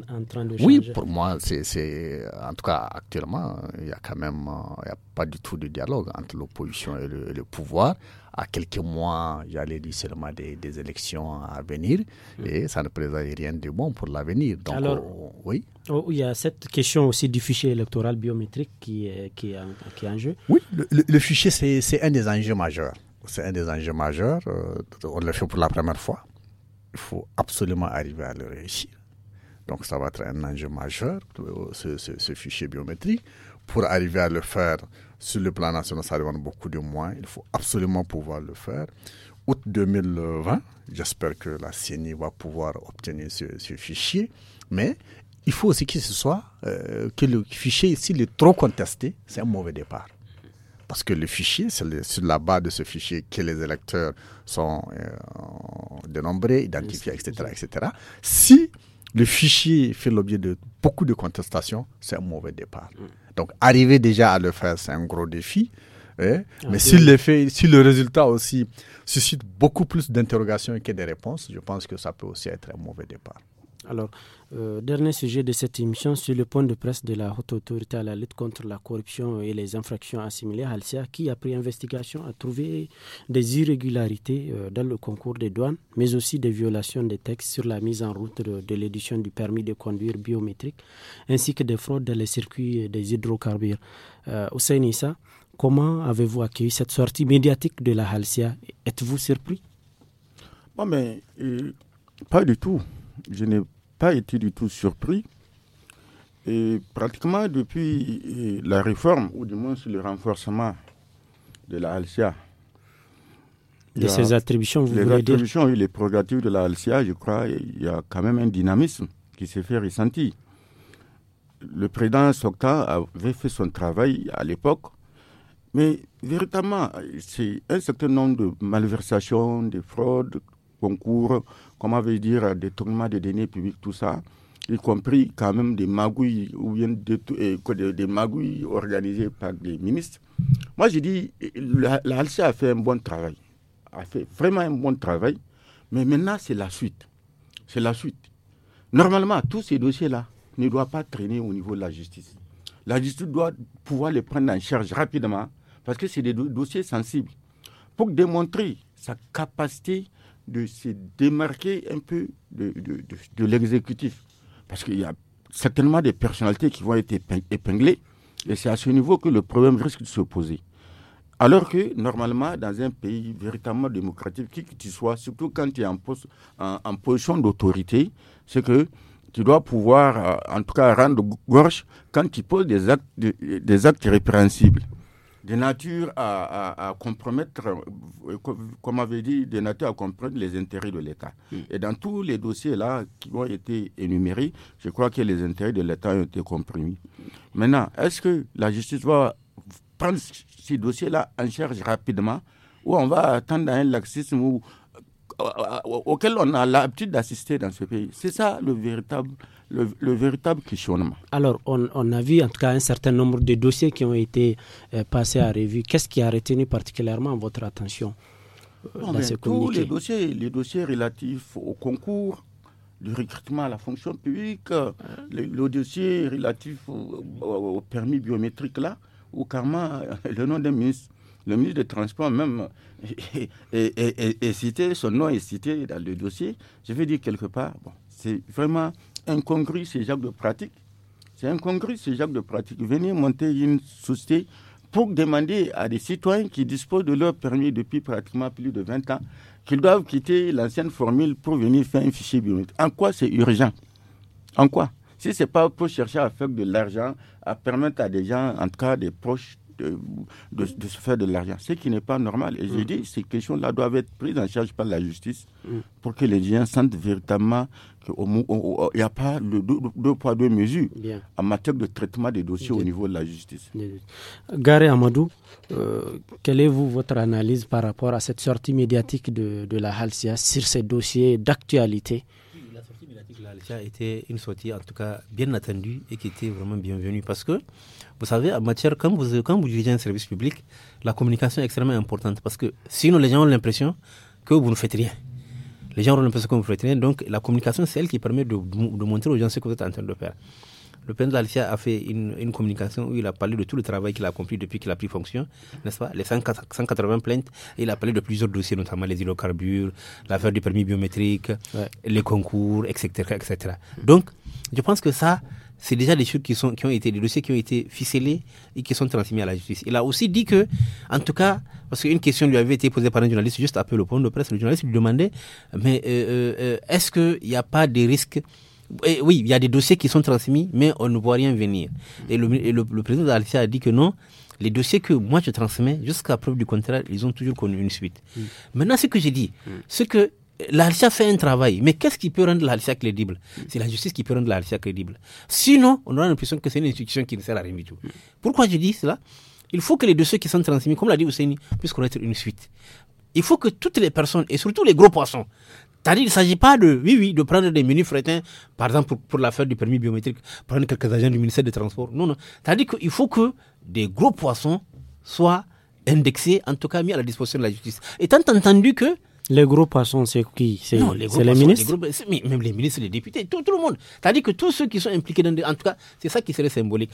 de changer. Oui, pour moi, c'est, en tout cas actuellement, il n'y a quand même euh, il y a pas du tout de dialogue entre l'opposition et le pouvoir à quelques mois, j'allais dire seulement des, élections à venir, mm. et ça ne présage rien de bon pour l'avenir. Donc, Alors, euh, oui. Oh, il y a cette question aussi du fichier électoral biométrique qui est, qui en, jeu. Oui, le, fichier, c'est un des enjeux majeurs. C'est un des enjeux majeurs. Euh, on le fait pour la première fois. Il faut absolument arriver à le réussir. Donc, ça va être un enjeu majeur, euh, ce, ce fichier biométrique. Pour arriver à le faire, sur le plan national, ça demande beaucoup de moins. Il faut absolument pouvoir le faire. Août 2020, j'espère que la CENI va pouvoir obtenir ce, fichier. Mais il faut aussi que ce soit, euh, que le fichier, s'il est trop contesté, c'est un mauvais départ. Parce que le fichier, c'est sur la base de ce fichier que les électeurs sont euh, dénombrés, identifiés, etc., etc. Si le fichier fait l'objet de beaucoup de contestations, c'est un mauvais départ. Mm. Donc arriver déjà à le faire, c'est un gros défi. Hein. Mais si le, fait, si le résultat aussi suscite beaucoup plus d'interrogations que des réponses, je pense que ça peut aussi être un mauvais départ. Alors, euh, dernier sujet de cette émission sur le point de presse de la haute autorité à la lutte contre la corruption et les infractions assimilées, Halcia, qui, après investigation, a trouvé des irrégularités euh, dans le concours des douanes, mais aussi des violations des textes sur la mise en route de, l'édition du permis de conduire biométrique, ainsi que des fraudes dans les circuits des hydrocarbures. Euh, au comment avez-vous accueilli cette sortie médiatique de la Halcia Êtes-vous surpris mais euh, pas du tout. Je n'ai été du tout surpris. Et pratiquement depuis euh, la réforme, ou du moins sur le renforcement de la Alcia, de ses attributions, vous les voulez attributions, prérogatives de la Alcia, je crois, il y a quand même un dynamisme qui s'est fait ressenti Le président Sokta avait fait son travail à l'époque, mais véritablement, c'est un certain nombre de malversations, des fraudes concours, comment veut dire, détournement des deniers publics, tout ça, y compris quand même des magouilles ou bien des, eh, magouilles organisées par des ministres. Moi, j'ai dit, l'ALC a fait un bon travail, a fait vraiment un bon travail, mais maintenant, c'est la suite. C'est la suite. Normalement, tous ces dossiers-là ne doivent pas traîner au niveau de la justice. La justice doit pouvoir les prendre en charge rapidement parce que c'est des dossiers sensibles pour démontrer sa capacité de se démarquer un peu de, l'exécutif. Parce qu'il y a certainement des personnalités qui vont être épinglées. Et c'est à ce niveau que le problème risque de se poser. Alors que normalement, dans un pays véritablement démocratique, qui que tu sois, surtout quand tu es en, poste, en, position d'autorité, c'est que tu dois pouvoir, euh, en tout cas, rendre gorge quand tu poses des actes, des actes répréhensibles de nature à, compromettre, euh, comme avait dit, de nature à comprendre les intérêts de l'État. Mm. Et dans tous les dossiers-là qui ont été énumérés, je crois que les intérêts de l'État ont été compromis. Maintenant, est-ce que la justice va prendre ces dossiers-là en charge rapidement ou on va attendre un laxisme euh, euh, auquel on a l'habitude d'assister dans ce pays C'est ça le véritable le, véritable questionnement. Alors, on, a vu en tout cas un certain nombre de dossiers qui ont été euh, passés à revue. Qu'est-ce qui a retenu particulièrement votre attention euh, dans ce communiqué les dossiers, les dossiers relatifs au concours, du recrutement à la fonction publique, euh, le, dossier relatif au, permis biométrique là, où carrément le nom des ministres, le ministre des Transports même [laughs] est, cité, son nom est cité dans le dossier, je veux dire quelque part, bon, c'est vraiment incongru ces Jacques de pratique. C'est incongru ces Jacques de pratique. Venir monter une société pour demander à des citoyens qui disposent de leur permis depuis pratiquement plus de 20 ans qu'ils doivent quitter l'ancienne formule pour venir faire un fichier biométrique. En quoi c'est urgent En quoi Si ce n'est pas pour chercher à faire de l'argent, à permettre à des gens, en tout cas des proches, de, se faire de l'argent, ce qui n'est pas normal. Et je j'ai mm. dit, ces questions-là doivent être prises en charge par la justice mm. pour que les gens sentent véritablement qu'il n'y a pas de deux, poids, deux mesures en matière de traitement des dossiers au niveau de la justice. Garé Amadou, euh, quelle est votre analyse par rapport à cette sortie médiatique de, de la Halcia sur ces dossiers d'actualité la sortie médiatique de la Halcia était une sortie en tout cas bien attendue et qui était vraiment bienvenue parce que vous savez, en matière, quand vous, quand vous dirigez un service public, la communication est extrêmement importante parce que sinon les gens ont l'impression que vous ne faites rien. Les gens ont l'impression que vous ne faites rien. Donc la communication, c'est elle qui permet de, montrer aux gens ce que vous êtes en train de faire. Le président Alicia a fait une, une, communication où il a parlé de tout le travail qu'il a accompli depuis qu'il a pris fonction, n'est-ce pas Les 180 plaintes. il a parlé de plusieurs dossiers, notamment les hydrocarbures, l'affaire du permis biométrique, les concours, etc., etc. Donc, je pense que ça, c'est déjà des choses qui, sont, qui ont été, des dossiers qui ont été ficelés et qui sont transmis à la justice. Il a aussi dit que, en tout cas, parce qu'une question lui avait été posée par un journaliste juste après le point de presse, le journaliste lui demandait, mais euh, euh, euh, est-ce qu'il n'y a pas des risques oui, il y a des dossiers qui sont transmis, mais on ne voit rien venir. Et le, le, président d'Alcia a dit que non, les dossiers que moi je transmets, jusqu'à preuve du contraire, ils ont toujours connu une suite. Mm. Maintenant, ce que j'ai dit, mm. ce que l'Alsa fait un travail, mais qu'est-ce qui peut rendre l'Alsa crédible C'est la justice qui peut rendre l'Alsa crédible. Sinon, on aura l'impression que c'est une institution qui ne sert à rien du tout. Pourquoi je dis cela Il faut que les dossiers qui sont transmis, comme l'a dit Ousseini, puissent connaître une suite. Il faut que toutes les personnes, et surtout les gros poissons, cest à il ne s'agit pas de, oui, oui, de prendre des menus frétins, par exemple, pour, pour l'affaire du permis biométrique, prendre quelques agents du ministère des Transports. Non, non. C'est-à-dire qu'il faut que des gros poissons soient indexés, en tout cas mis à la disposition de la justice. Étant entendu que les groupes sont c'est qui C'est les, ministres Même les ministres, les députés, tout, le monde. C'est-à-dire que tous ceux qui sont impliqués dans... En tout cas, c'est ça qui serait symbolique.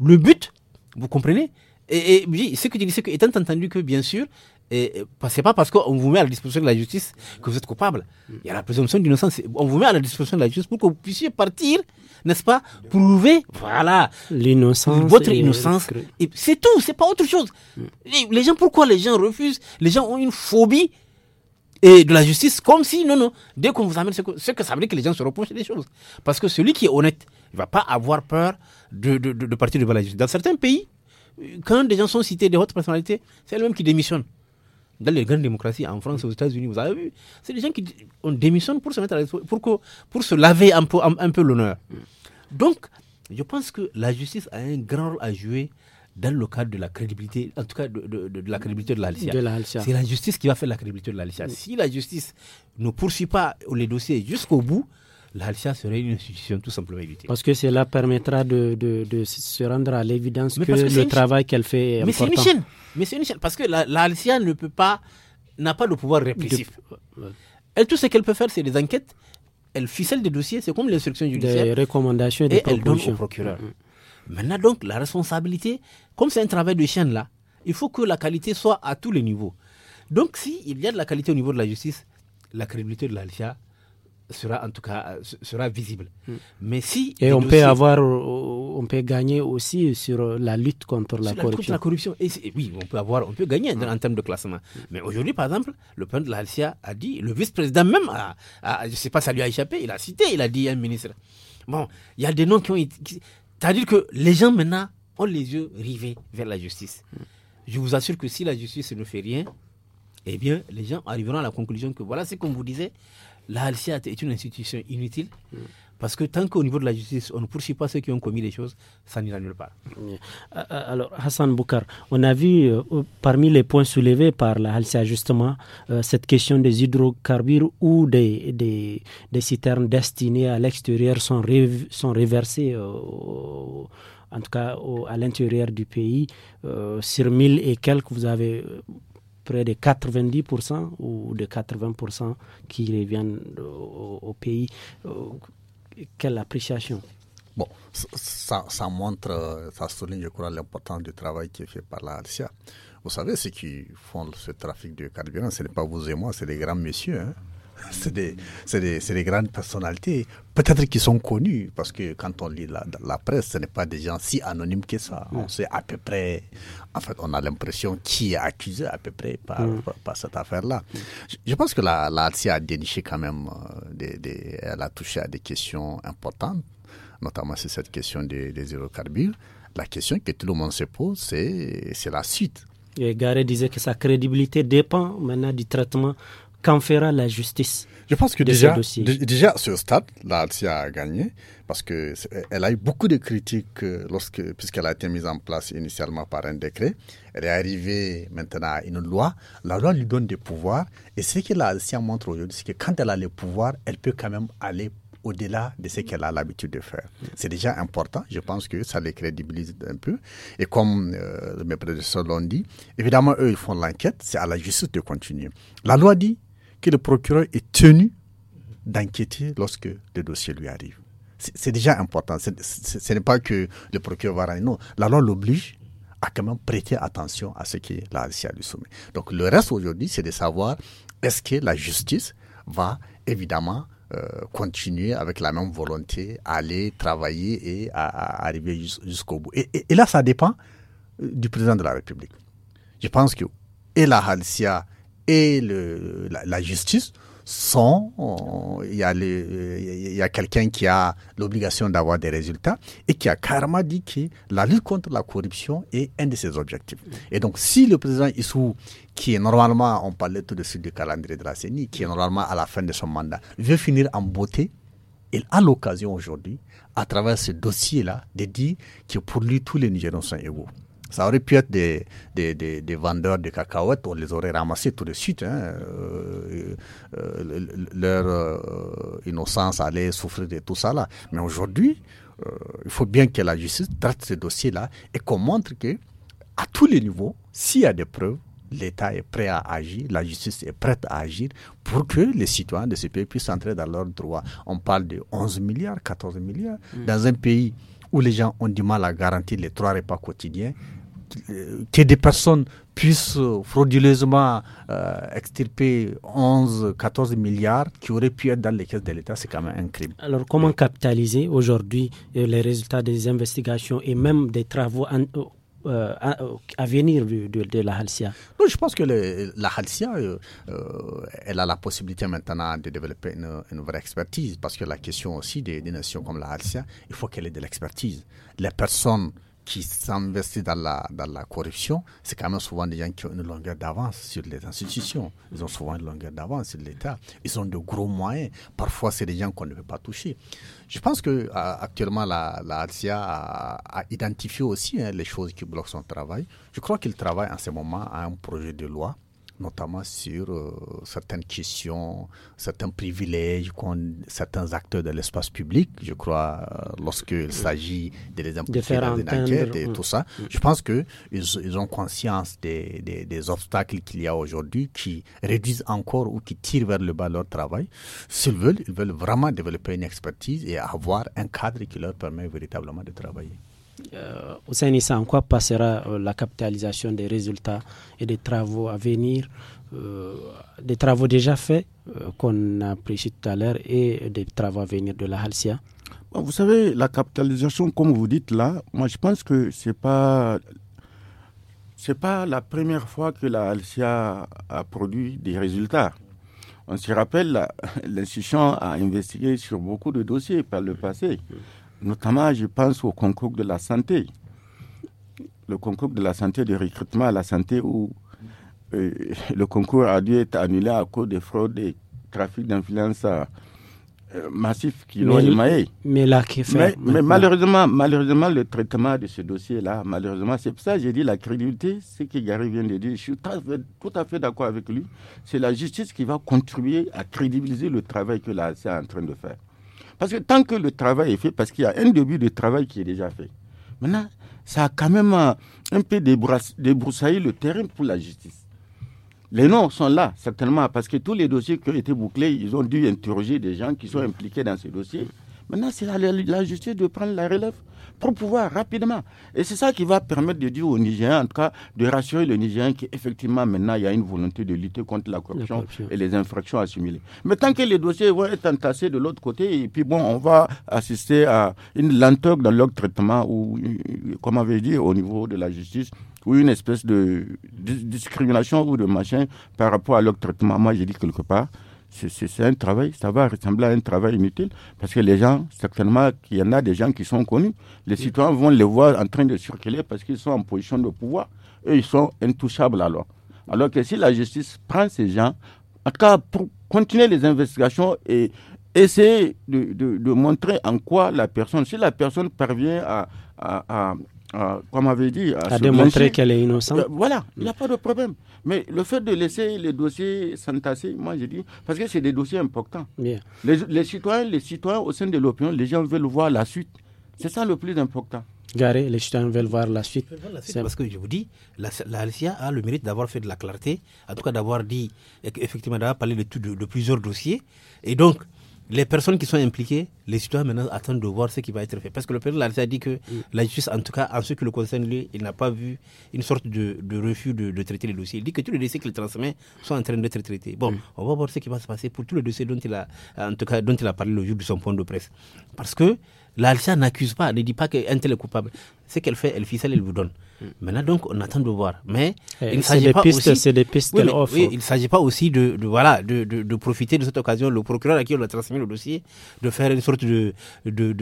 Le but, vous comprenez et, et, ce que tu dis, c'est que, étant entendu que, bien sûr, c'est pas parce qu'on vous met à la disposition de la justice que vous êtes coupable. Mm. Il y a la présomption d'innocence. On vous met à la disposition de la justice pour que vous puissiez partir, n'est-ce pas Prouver, voilà, l'innocence, votre innocence. C'est tout, c'est pas autre chose. Mm. Les gens, pourquoi les gens refusent Les gens ont une phobie et de la justice comme si, non, non, dès qu'on vous amène ce que, ça veut dire que les gens se reprochent des choses. Parce que celui qui est honnête, il ne va pas avoir peur de, de, de, partir devant la justice. Dans certains pays, quand des gens sont cités des hautes personnalités, c'est eux mêmes qui démissionnent. Dans les grandes démocraties, en France, aux États-Unis, vous avez vu, c'est des gens qui ont démissionne pour se mettre pour, que, pour se laver un peu, un peu l'honneur. Donc, je pense que la justice a un grand rôle à jouer dans le cadre de la crédibilité, en tout cas de, la crédibilité de la C'est la justice qui va faire la crédibilité de l'ALCIA. Si la justice ne poursuit pas les dossiers jusqu'au bout, l'Alcia serait une institution tout simplement évitée. Parce que cela permettra de, se rendre à l'évidence que, le travail qu'elle fait Mais c'est Michel. Mais c'est Parce que l'Alcia ne peut pas, n'a pas le pouvoir répressif. Elle, tout ce qu'elle peut faire, c'est des enquêtes. Elle ficelle des dossiers. C'est comme l'instruction judiciaire. Des recommandations des et procureur. Maintenant, donc, la responsabilité, comme c'est un travail de chaîne là, il faut que la qualité soit à tous les niveaux. Donc, s'il y a de la qualité au niveau de la justice, la crédibilité de l'Alcia sera en tout cas euh, sera visible. Hmm. Mais si et on peut avoir euh, on peut gagner aussi euh, sur la lutte contre la corruption. la corruption et oui, on peut avoir on peut gagner hmm. en termes de classement. Mais aujourd'hui par exemple, le président de l'Alcia a dit le vice-président même a, ne je sais pas ça lui a échappé, il a cité, il a dit un ministre. Bon, il y a des noms qui ont été, c'est-à-dire que les gens maintenant ont les yeux rivés vers la justice. Je vous assure que si la justice ne fait rien, eh bien, les gens arriveront à la conclusion que voilà ce qu'on vous disait, la HALCIAT est une institution inutile. Parce que tant qu'au niveau de la justice, on ne poursuit pas ceux qui ont commis les choses, ça n'ira nulle part. Euh, euh, alors, Hassan Boukar, on a vu euh, parmi les points soulevés par la Halcia justement cette question des hydrocarbures ou des, des, citernes destinées à l'extérieur sont, sont réversées. en tout cas, à l'intérieur du pays, sur mille et quelques, vous avez près de 90% ou de 80% qui reviennent au pays quelle appréciation Bon, ça, montre, ça souligne, je crois, l'importance du travail qui est fait par la RCA. Vous savez, ceux qui font ce trafic de carburant, ce n'est pas vous et moi, c'est les grands messieurs. Hein. [laughs] c'est des, des, grandes personnalités, peut-être qui sont connues, parce que quand on lit la, presse, ce n'est pas des gens si anonymes que ça. On sait à peu près, en fait, on a l'impression qui est accusé à peu près par, par, cette affaire-là. Je pense que la, la CIA a déniché quand même, euh, des, des, elle a touché à des questions importantes, notamment sur cette question des, des hydrocarbures. La question que tout le monde se pose, c'est la suite. Et Garé disait que sa crédibilité dépend maintenant du traitement Qu'en fera la justice Je pense que déjà, déjà, ce stade, la Alcia a gagné parce qu'elle a eu beaucoup de critiques euh, lorsque, puisqu'elle a été mise en place initialement par un décret. Elle est arrivée maintenant à une loi. La loi lui donne des pouvoirs. Et ce que la Alcia montre aujourd'hui, c'est que quand elle a les pouvoirs, elle peut quand même aller au-delà de ce qu'elle a l'habitude de faire. C'est déjà important, je pense que ça les crédibilise un peu. Et comme euh, mes prédécesseurs l'ont dit, évidemment, eux, ils font l'enquête, c'est à la justice de continuer. La loi dit, que le procureur est tenu d'inquiéter lorsque le dossier lui arrive. C'est déjà important. ce n'est pas que le procureur va rien. Non, la loi l'oblige à quand même prêter attention à ce qui est la à du sommet. Donc le reste aujourd'hui, c'est de savoir est-ce que la justice va évidemment euh, continuer avec la même volonté aller travailler et arriver jusqu'au bout. Et, là, ça dépend euh, du président de la République. Je pense que et la halsia et le, la, justice sont, euh, il y a, a quelqu'un qui a l'obligation d'avoir des résultats et qui a carrément dit que la lutte contre la corruption est un de ses objectifs. Et donc, si le président Issou, qui est normalement, on parlait tout de suite du calendrier de la CENI, qui est normalement à la fin de son mandat, veut finir en beauté, il a l'occasion aujourd'hui, à travers ce dossier-là, de dire que pour lui, tous les Nigériens sont égaux. Ça aurait pu être des, des, vendeurs de cacahuètes, on les aurait ramassés tout de suite. Hein. Euh, euh, leur euh, innocence allait souffrir de tout ça là. Mais aujourd'hui, il faut bien que la justice traite ce dossier-là et qu'on montre que, à tous les niveaux, s'il y a des preuves, l'État est prêt à agir, la justice est prête à agir pour que les citoyens de ce pays puissent entrer dans leurs droits. On parle de 11 milliards, 14 milliards. Mm. Dans un pays où les gens ont du mal à garantir les trois repas quotidiens, que des personnes puissent euh, frauduleusement euh, extirper 11, 14 milliards qui auraient pu être dans les caisses de l'État, c'est quand même un crime. Alors comment capitaliser aujourd'hui euh, les résultats des investigations et même des travaux à, venir de, de, la Halcia non, Je pense que la Halcia, elle a la possibilité maintenant de développer une, vraie expertise, parce que la question aussi des, des nations comme la Halcia, il faut qu'elle ait de l'expertise. Les personnes qui s'investit dans la, dans la corruption, c'est quand même souvent des gens qui ont une longueur d'avance sur les institutions. Ils ont souvent une longueur d'avance sur l'État. Ils ont de gros moyens. Parfois, c'est des gens qu'on ne peut pas toucher. Je pense que euh, actuellement la, la a, identifié aussi hein, les choses qui bloquent son travail. Je crois qu'il travaille en ce moment à un projet de loi notamment sur euh, certaines questions, certains privilèges qu'ont certains acteurs de l'espace public, je crois, euh, lorsqu'il s'agit de les impliquer et mm. tout ça. Je pense qu'ils ils ont conscience des, des obstacles qu'il y a aujourd'hui qui réduisent encore ou qui tirent vers le bas leur travail. S'ils veulent, ils veulent vraiment développer une expertise et avoir un cadre qui leur permet véritablement de travailler au euh, sein de ça, en quoi passera euh, la capitalisation des résultats et des travaux à venir, euh, des travaux déjà faits qu'on a appréciés tout à l'heure et des travaux à venir de la Halcia Vous savez, la capitalisation, comme vous dites là, moi je pense que ce n'est pas, c'est pas la première fois que la Halcia a produit des résultats. On se rappelle, l'institution a investigué sur beaucoup de dossiers par le passé. Notamment, je pense au concours de la santé. Le concours de la santé, de recrutement à la santé, où euh, le concours a dû être annulé à cause des fraudes et trafic d'influence massif euh, massifs qui l'ont émaillé. Mais mais, malheureusement, malheureusement, le traitement de ce dossier-là, malheureusement, c'est pour ça que j'ai dit la crédibilité, ce que Gary vient de dire, je suis tout à fait d'accord avec lui, c'est la justice qui va contribuer à crédibiliser le travail que la est en train de faire. Parce que tant que le travail est fait, parce qu'il y a un début de travail qui est déjà fait. Maintenant, ça a quand même euh, un peu débroussaillé le terrain pour la justice. Les noms sont là, certainement, parce que tous les dossiers qui ont été bouclés, ils ont dû interroger des gens qui sont impliqués dans ces dossiers. Maintenant, c'est à la justice de prendre la relève pour pouvoir rapidement. Et c'est ça qui va permettre de dire aux Nigériens, en tout cas, de rassurer les Nigériens qu'effectivement, maintenant, il y a une volonté de lutter contre la corruption, et les infractions assimilées. Mais tant que les dossiers vont être entassés de l'autre côté, et puis bon, on va assister à une lenteur dans leur traitement, ou, euh, comme vais avait dit, au niveau de la justice, ou une espèce de discrimination ou de machin par rapport à leur traitement. Moi, j'ai dit quelque part c'est un travail, ça va ressembler à un travail inutile, parce que les gens, certainement, qu'il y en a des gens qui sont connus. Les citoyens vont les voir en train de circuler parce qu'ils sont en position de pouvoir. et ils sont intouchables alors. Alors que si la justice prend ces gens, à pour continuer les investigations et essayer de, de, montrer en quoi la personne, si la personne parvient à euh, comme avait dit, à, euh, démontrer qu'elle est innocente. Euh, voilà, il n'y a mm. pas de problème. Mais le fait de laisser les dossiers s'entasser, moi je dis, parce que c'est des dossiers importants. Les, citoyens, les citoyens au sein de l'opinion, les gens veulent voir la suite. C'est ça le plus important. Garé, les citoyens veulent voir la suite. parce que je vous dis, la, la a le mérite d'avoir fait de la clarté, en tout cas d'avoir dit, effectivement, d'avoir parlé de, de plusieurs dossiers. Et donc, les personnes qui sont impliquées, les citoyens maintenant attendent de voir ce qui va être fait. Parce que le président a dit que mm. la justice, en tout cas, en ce qui le concerne, lui, il n'a pas vu une sorte de, refus de, traiter les dossiers. Il dit que tous les dossiers qu'il transmet sont en train d'être traités. Bon, mm. on va voir ce qui va se passer pour tous les dossiers dont il a, en tout cas, dont il a parlé le jour de son point de presse. Parce que l'Alsa n'accuse pas, ne dit pas qu'un tel est coupable. Ce qu'elle fait, elle fait ficelle, elle vous donne. Maintenant, donc, on attend de voir. Mais eh, il s'agit pas aussi. oui, il s'agit pas aussi de, voilà de, de, profiter de cette occasion, le procureur à qui on a transmis le dossier, de faire une sorte de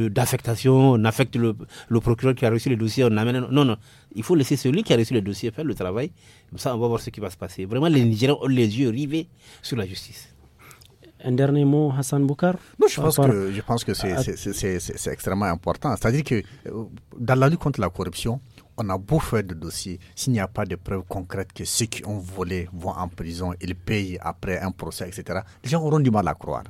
d'affectation. on affecte le, le, procureur qui a reçu le dossier, on amène. Non, non. Il faut laisser celui qui a reçu le dossier faire le travail. Comme ça, on va voir ce qui va se passer. Vraiment, les Nigériens ont les yeux rivés sur la justice. Un dernier mot, Hassan Boukar non, je, pense que, je pense que c'est extrêmement important. C'est-à-dire que euh, dans la lutte contre la corruption, on a beau faire de dossiers, s'il n'y a pas de preuves concrètes que ceux qui ont volé vont en prison, ils payent après un procès, etc., les gens auront du mal à croire.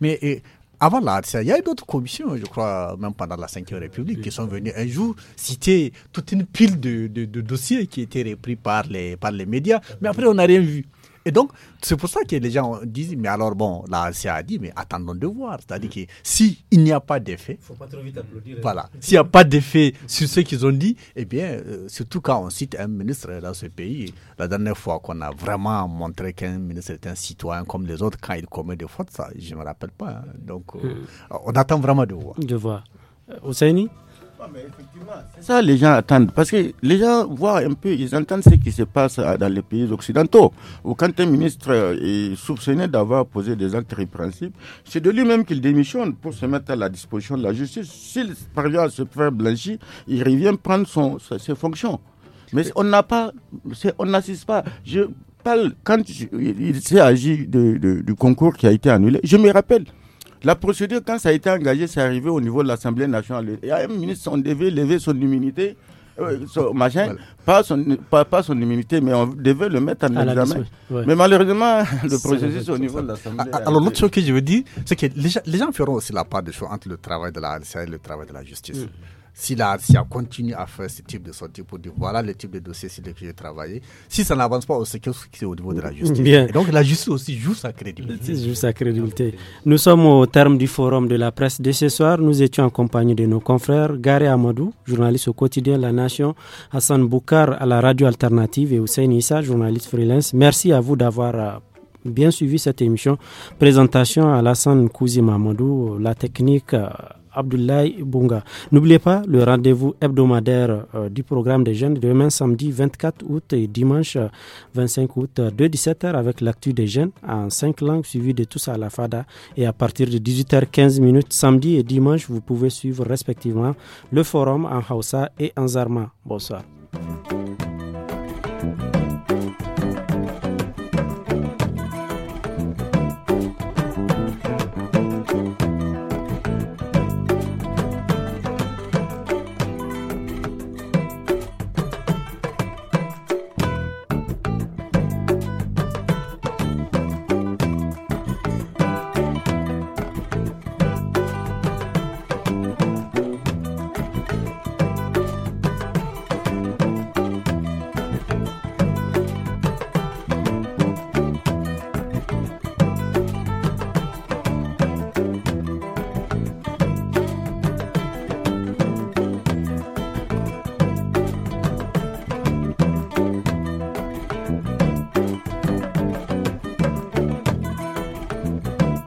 Mais avant là, il y a eu d'autres commissions, je crois, même pendant la Ve République, qui sont venues un jour citer toute une pile de, dossiers qui étaient repris par les, par les médias, mais après on n'a rien vu. Et donc, c'est pour ça que les gens disent, mais alors bon, la CIA a dit, mais attendons de voir. C'est-à-dire mm. que s'il n'y a pas d'effet, faut pas trop vite applaudir. Hein. Voilà. S'il n'y a pas d'effet sur ce qu'ils ont dit, eh bien, euh, surtout quand on cite un ministre dans ce pays, la dernière fois qu'on a vraiment montré qu'un ministre est un citoyen comme les autres, quand il commet des fautes, ça, je ne me rappelle pas. Hein. Donc, euh, mm. on attend vraiment de voir. De voir. Euh, Ousseini c'est ça les gens attendent. Parce que les gens voient un peu, ils entendent ce qui se passe dans les pays occidentaux. Ou quand un ministre est soupçonné d'avoir posé des actes répréhensibles, c'est de lui-même qu'il démissionne pour se mettre à la disposition de la justice. S'il parvient à se faire blanchir, il revient prendre son, ses fonctions. Mais on n'a pas, on n'assiste pas. Je parle, quand il s'est agi du concours qui a été annulé, je me rappelle, la procédure, quand ça a été engagé, c'est arrivé au niveau de l'Assemblée nationale. Il y a un ministre, on devait lever son immunité, euh, machin, pas, son, immunité, mais on devait le mettre en à examen. Mais malheureusement, [laughs] le processus au niveau de l'Assemblée. Ah, alors, l'autre chose que je veux dire, c'est que les gens, feront aussi la part de choses entre le travail de la RCA et le travail de la justice. Mm. Si, la, si continue à faire ce type de sortie pour dire voilà le type de dossier sur lequel j'ai travaillé, si ça n'avance pas, c'est au niveau de la justice. donc la justice aussi joue sa crédibilité. Joue sa crédibilité. Nous sommes au terme du forum de la presse de ce soir. Nous étions en compagnie de nos confrères Gary Amadou, journaliste au quotidien La Nation, Hassan Boukar à la radio alternative et Hussein Issa, journaliste freelance. Merci à vous d'avoir euh, bien suivi cette émission. Présentation à Hassan Kouzim Amadou la technique. Euh, Abdoulaye Bunga. N'oubliez pas le rendez-vous hebdomadaire euh, du programme des jeunes demain samedi 24 août et dimanche 25 août de 17h avec l'actu des jeunes en cinq langues suivi de tous à la FADA. Et à partir de 18h15 minutes samedi et dimanche, vous pouvez suivre respectivement le forum en Hausa et en Zarma. Bonsoir.